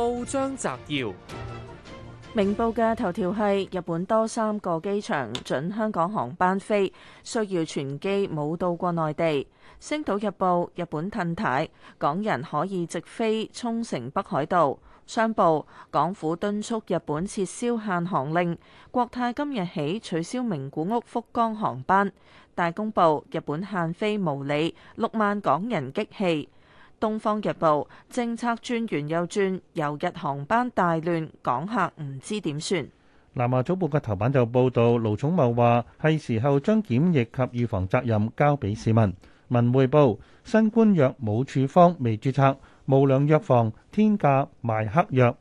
報章摘要：明報嘅頭條係日本多三個機場准香港航班飛，需要全機冇到過內地。星島日報：日本褪軚，港人可以直飛沖繩北海道。商報：港府敦促日本撤銷限航令。國泰今日起取消名古屋福岡航班。大公報：日本限飛無理，六萬港人激氣。《東方日報》政策轉完又轉，遊日航班大亂，港客唔知點算。《南華早報》嘅頭版就報導，盧寵茂話係時候將檢疫及預防責任交俾市民。《文匯報》新冠藥冇處方未註冊，無良藥房天價賣黑藥。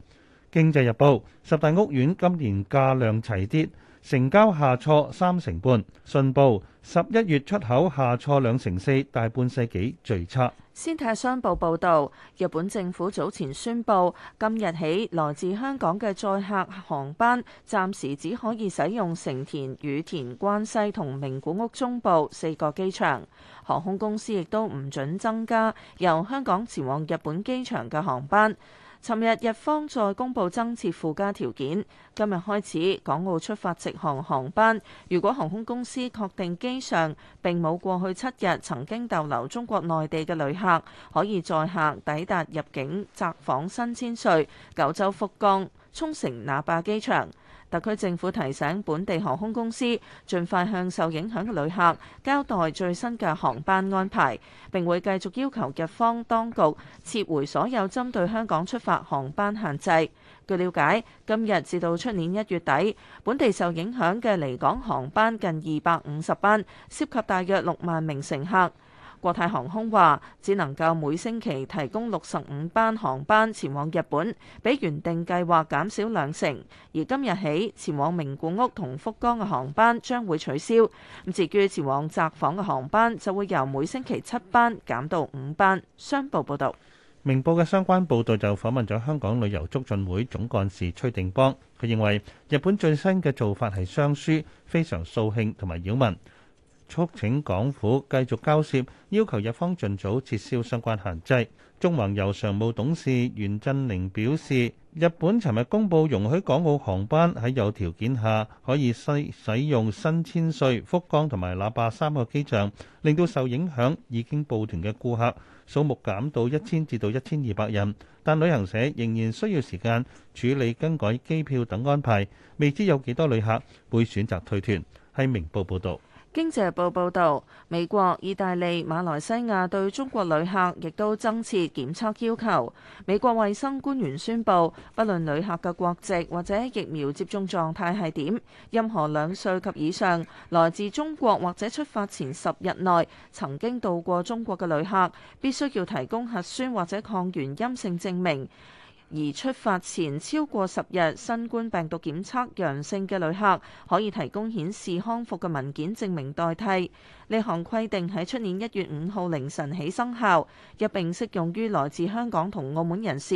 經濟日報，十大屋苑今年價量齊跌，成交下挫三成半。信報，十一月出口下挫兩成四，大半世紀最差。先泰商報報道：日本政府早前宣布，今日起來自香港嘅載客航班暫時只可以使用成田、羽田、關西同名古屋中部四個機場。航空公司亦都唔准增加由香港前往日本機場嘅航班。尋日日方再公布增設附加條件，今日開始，港澳出發直航航班，如果航空公司確定機上並冇過去七日曾經逗留中國內地嘅旅客，可以載客抵達入境札幌新千歲、九州福岡、沖繩那霸機場。特區政府提醒本地航空公司，盡快向受影響嘅旅客交代最新嘅航班安排，並會繼續要求日方當局撤回所有針對香港出發航班限制。據了解，今日至到出年一月底，本地受影響嘅離港航班近二百五十班，涉及大約六萬名乘客。國泰航空話，只能夠每星期提供六十五班航班前往日本，比原定計劃減少兩成。而今日起，前往名古屋同福岡嘅航班將會取消。咁至於前往札幌嘅航班，就會由每星期七班減到五班。商報報道，明報嘅相關報道就訪問咗香港旅遊促進會總幹事崔定邦，佢認為日本最新嘅做法係雙輸，非常掃興同埋擾民。促請港府繼續交涉，要求日方盡早撤銷相關限制。縱橫遊常務董事袁振寧表示，日本尋日公布容許港澳航班喺有條件下可以使使用新千歲、福岡同埋那霸三個機場，令到受影響已經報團嘅顧客數目減到一千至到一千二百人，但旅行社仍然需要時間處理更改機票等安排，未知有幾多旅客會選擇退團。喺明報報道。經濟日報報導，美國、意大利、馬來西亞對中國旅客亦都增設檢測要求。美國衛生官員宣布，不論旅客嘅國籍或者疫苗接種狀態係點，任何兩歲及以上來自中國或者出發前十日內曾經到過中國嘅旅客，必須要提供核酸或者抗原陰性證明。而出發前超過十日新冠病毒檢測陽性嘅旅客，可以提供顯示康復嘅文件證明代替。呢項規定喺出年一月五號凌晨起生效，一併適用於來自香港同澳門人士。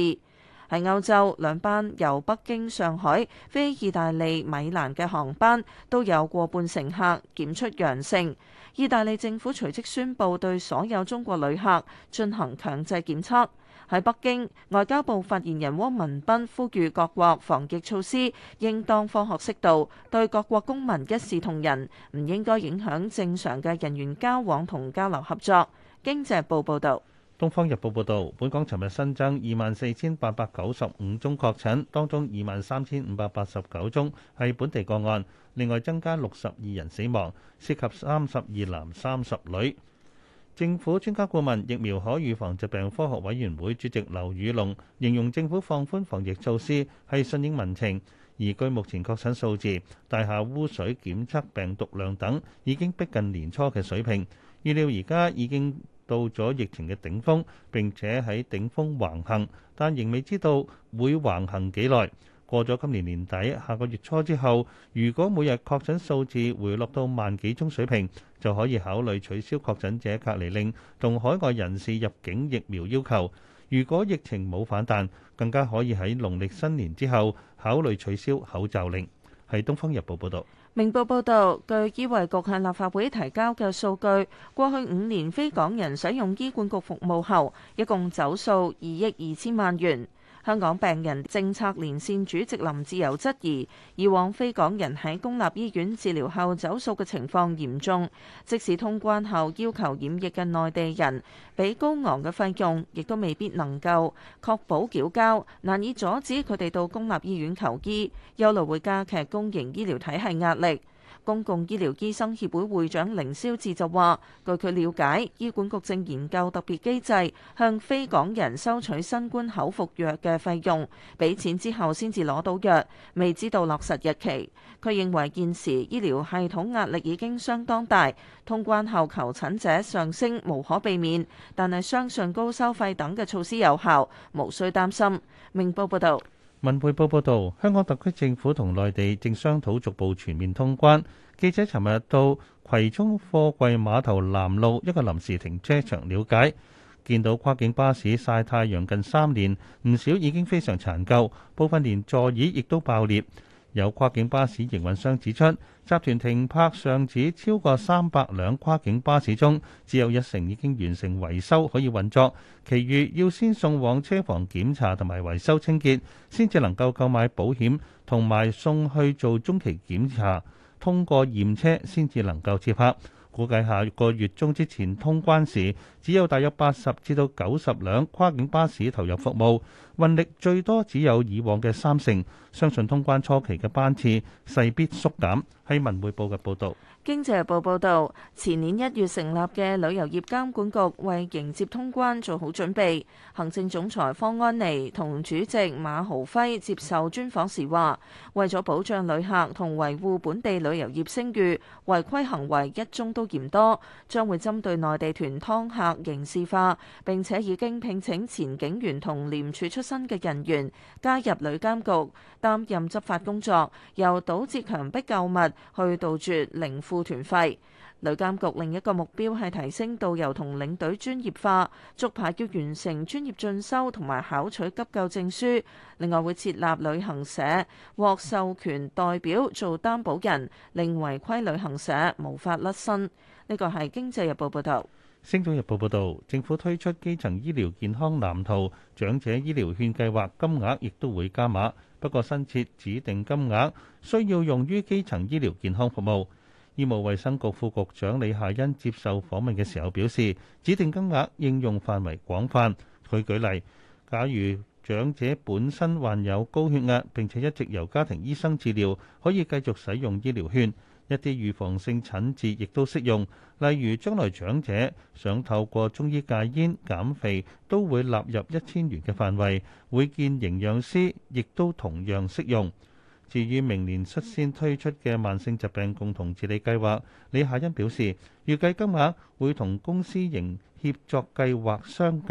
喺歐洲，兩班由北京上海飛意大利米蘭嘅航班都有過半乘客檢出陽性。意大利政府隨即宣布對所有中國旅客進行強制檢測。喺北京，外交部發言人汪文斌呼籲各國防疫措施應當科學適度，對各國公民一視同仁，唔應該影響正常嘅人員交往同交流合作。經濟報報導，《東方日報》報導，本港尋日新增二萬四千八百九十五宗確診，當中二萬三千五百八十九宗係本地個案，另外增加六十二人死亡，涉及三十二男三十女。政府專家顧問、疫苗可預防疾病科學委員會主席劉宇龍形容政府放寬防疫措施係順應民情，而據目前確診數字、大廈污水檢測病毒量等，已經逼近年初嘅水平。預料而家已經到咗疫情嘅頂峰，並且喺頂峰橫行，但仍未知道會橫行幾耐。過咗今年年底、下個月初之後，如果每日確診數字回落到萬幾宗水平，就可以考慮取消確診者隔離令同海外人士入境疫苗要求。如果疫情冇反彈，更加可以喺農曆新年之後考慮取消口罩令。係《東方日報》報道。《明報》報道，據醫衞局向立法會提交嘅數據，過去五年非港人使用醫管局服務後，一共走數二億二千萬元。香港病人政策連線主席林志友質疑，以往非港人喺公立醫院治療後走數嘅情況嚴重，即使通關後要求檢疫嘅內地人，俾高昂嘅費用，亦都未必能夠確保繳交，難以阻止佢哋到公立醫院求醫，憂慮會加劇公營醫療體系壓力。公共醫療醫生協會會長凌霄智就話，據佢了解，醫管局正研究特別機制，向非港人收取新冠口服藥嘅費用，俾錢之後先至攞到藥，未知道落實日期。佢認為現時醫療系統壓力已經相當大，通關後求診者上升無可避免，但係相信高收費等嘅措施有效，無需擔心。明報報道。文匯報報道，香港特區政府同內地正商討逐步全面通關。記者尋日到葵涌貨櫃碼頭南路一個臨時停車場了解，見到跨境巴士曬太陽近三年，唔少已經非常殘舊，部分連座椅亦都爆裂。有跨境巴士營運商指出，集團停泊上址超過三百輛跨境巴士中，只有一成已經完成維修可以運作，其餘要先送往車房檢查同埋維修清潔，先至能夠購買保險同埋送去做中期檢查，通過驗車先至能夠接客。估計下個月中之前通關時，只有大約八十至到九十輛跨境巴士投入服務。運力最多只有以往嘅三成，相信通關初期嘅班次勢必縮減。喺文匯報嘅報導。經濟日報報導，前年一月成立嘅旅遊業監管局為迎接通關做好準備。行政總裁方安妮同主席馬豪輝接受專訪時話：為咗保障旅客同維護本地旅遊業聲譽，違規行為一宗都嫌多，將會針對內地團劏客刑事化。並且已經聘請前警員同廉署出身嘅人員加入旅監局擔任執法工作，由堵截強迫購物去杜絕零付團費。旅監局另一個目標係提升導遊同領隊專業化，續牌要完成專業進修同埋考取急救證書。另外會設立旅行社獲授權代表做擔保人，令違規旅行社無法甩身。呢個係《經濟日報》報道。《星島日報》報道，政府推出基層醫療健康藍圖，長者醫療券計劃金額亦都會加碼，不過新設指定金額，需要用於基層醫療健康服務。醫務衛生局副局長李夏欣接受訪問嘅時候表示，指定金額應用範圍廣泛。佢舉例，假如長者本身患有高血壓，並且一直由家庭醫生治療，可以繼續使用醫療券。一啲預防性診治亦都適用，例如將來長者想透過中醫戒煙、減肥，都會納入一千元嘅範圍。會見營養師亦都同樣適用。至於明年率先推出嘅慢性疾病共同治理計劃，李夏茵表示，預計金額會同公私營協作計劃相近。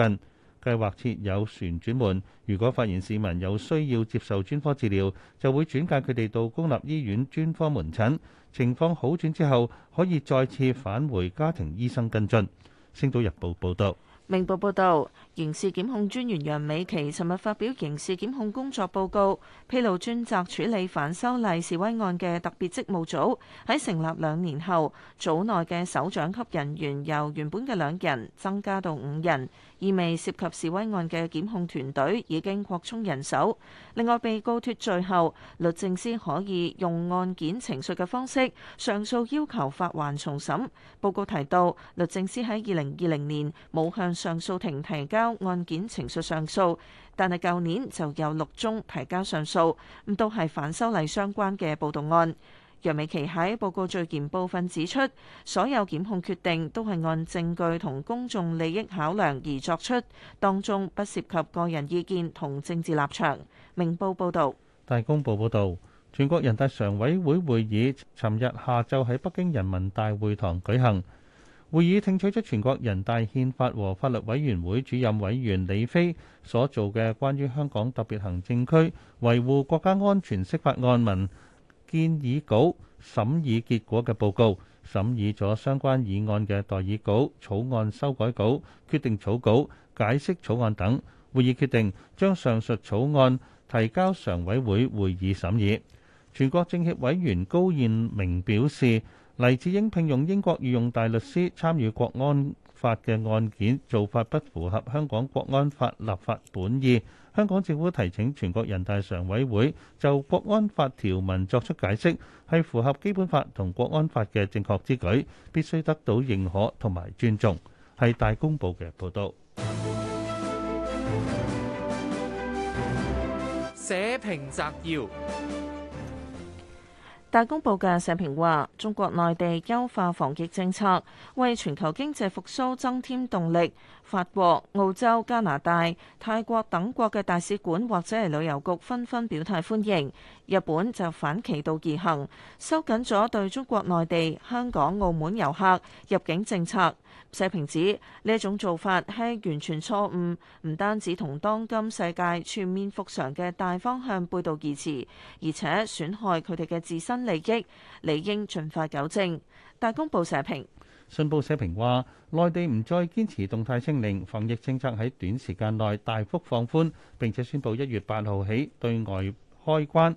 計劃設有旋轉門，如果發現市民有需要接受專科治療，就會轉介佢哋到公立醫院專科門診。情況好轉之後，可以再次返回家庭醫生跟進。星島日報報道。明報報道，刑事檢控專員楊美琪尋日發表刑事檢控工作報告，披露專責處理反修例示威案嘅特別職務組，喺成立兩年後，組內嘅首長級人員由原本嘅兩人增加到五人。意味涉及示威案嘅檢控團隊已經擴充人手。另外，被告脫罪後，律政司可以用案件呈述嘅方式上訴要求發還重審。報告提到，律政司喺二零二零年冇向上訴庭提交案件呈述上訴，但係舊年就有六宗提交上訴，咁都係反修例相關嘅暴動案。楊美琪喺報告序言部分指出，所有檢控決定都係按證據同公眾利益考量而作出，當中不涉及個人意見同政治立場。明報報導，大公報報導，全國人大常委會會議尋日下晝喺北京人民大會堂舉行，會議聽取出全國人大憲法和法律委員會主任委員李飛所做嘅關於香港特別行政區維護國家安全釋法案文。建議稿審議結果嘅報告，審議咗相關議案嘅代議稿、草案修改稿、決定草稿、解釋草案等。會議決定將上述草案提交常委會會議審議。全國政協委員高燕明表示，黎智英聘用英國御用大律師參與國安法嘅案件做法不符合香港國安法立法本意，香港政府提請全國人大常委會就國安法條文作出解釋，係符合基本法同國安法嘅正確之舉，必須得到認可同埋尊重。係大公報嘅報道。社評摘要。大公報嘅社評話：中國內地優化防疫政策，為全球經濟復甦增添動力。法國、澳洲、加拿大、泰國等國嘅大使館或者係旅遊局，紛紛表態歡迎。日本就反其道而行，收緊咗對中國內地、香港、澳門遊客入境政策。社評指呢一種做法係完全錯誤，唔單止同當今世界全面復常嘅大方向背道而馳，而且損害佢哋嘅自身利益，理應盡快糾正。大公報社評。信報社評話，內地唔再堅持動態清零防疫政策，喺短時間內大幅放寬，並且宣布一月八號起對外開關。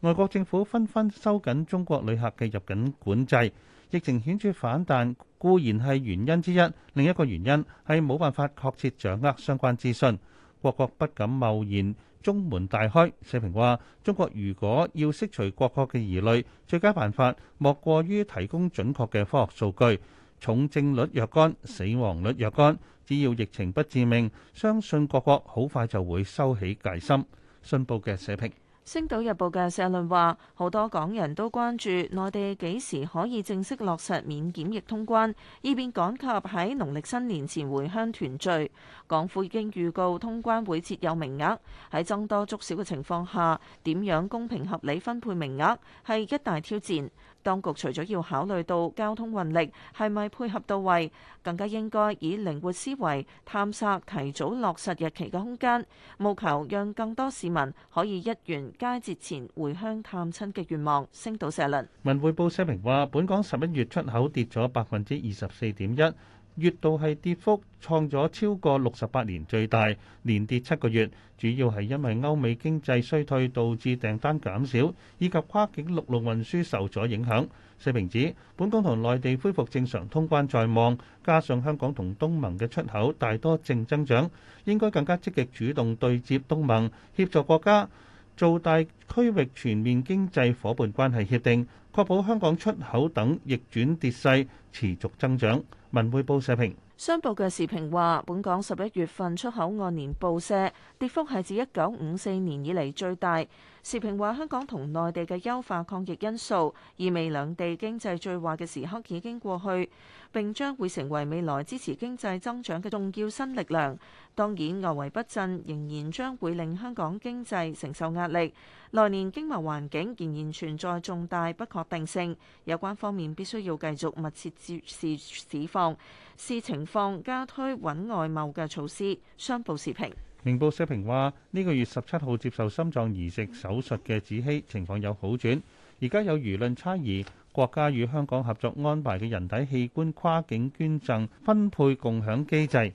外國政府紛紛收緊中國旅客嘅入境管制，疫情顯著反彈固然係原因之一，另一個原因係冇辦法確切掌握相關資訊，各國，國不敢貿然中門大開。社評話：中國如果要釋除各國嘅疑慮，最佳辦法莫過於提供準確嘅科學數據，重症率若干，死亡率若干，只要疫情不致命，相信各國好快就會收起戒心。信報嘅社評。《星島日報》嘅社論話，好多港人都關注內地幾時可以正式落實免檢疫通關，以便趕及喺農曆新年前回鄉團聚。港府已經預告通關會設有名額，喺僧多粥少嘅情況下，點樣公平合理分配名額係一大挑戰。當局除咗要考慮到交通運力係咪配合到位，更加應該以靈活思維探索提早落實日期嘅空間，務求讓更多市民可以一圓佳節前回鄉探親嘅願望。星島社論。文匯報社評話：本港十一月出口跌咗百分之二十四點一。月度係跌幅創咗超過六十八年最大，連跌七個月，主要係因為歐美經濟衰退導致訂單減少，以及跨境陸路運輸受阻影響。四平指本港同內地恢復正常通關在望，加上香港同東盟嘅出口大多正增長，應該更加積極主動對接東盟，協助國家。做大區域全面經濟夥伴關係協定，確保香港出口等逆轉跌勢持續增長。文匯報社評。商報嘅時評話，本港十一月份出口按年報社跌幅係自一九五四年以嚟最大。時評話香港同內地嘅優化抗疫因素，意味兩地經濟最壞嘅時刻已經過去，並將會成為未來支持經濟增長嘅重要新力量。當然，外圍不振仍然將會令香港經濟承受壓力。來年經貿環境仍然存在重大不確定性，有關方面必須要繼續密切注視市況，視情況加推穩外貿嘅措施。商報時評。明報社評話：呢個月十七號接受心臟移植手術嘅子希情況有好轉，而家有輿論差異，國家與香港合作安排嘅人體器官跨境捐贈分配共享機制。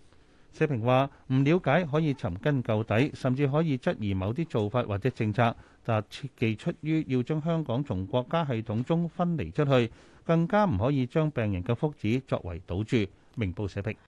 社評話：唔瞭解可以尋根究底，甚至可以質疑某啲做法或者政策，但切忌出於要將香港從國家系統中分離出去，更加唔可以將病人嘅福祉作為賭注。明報社評。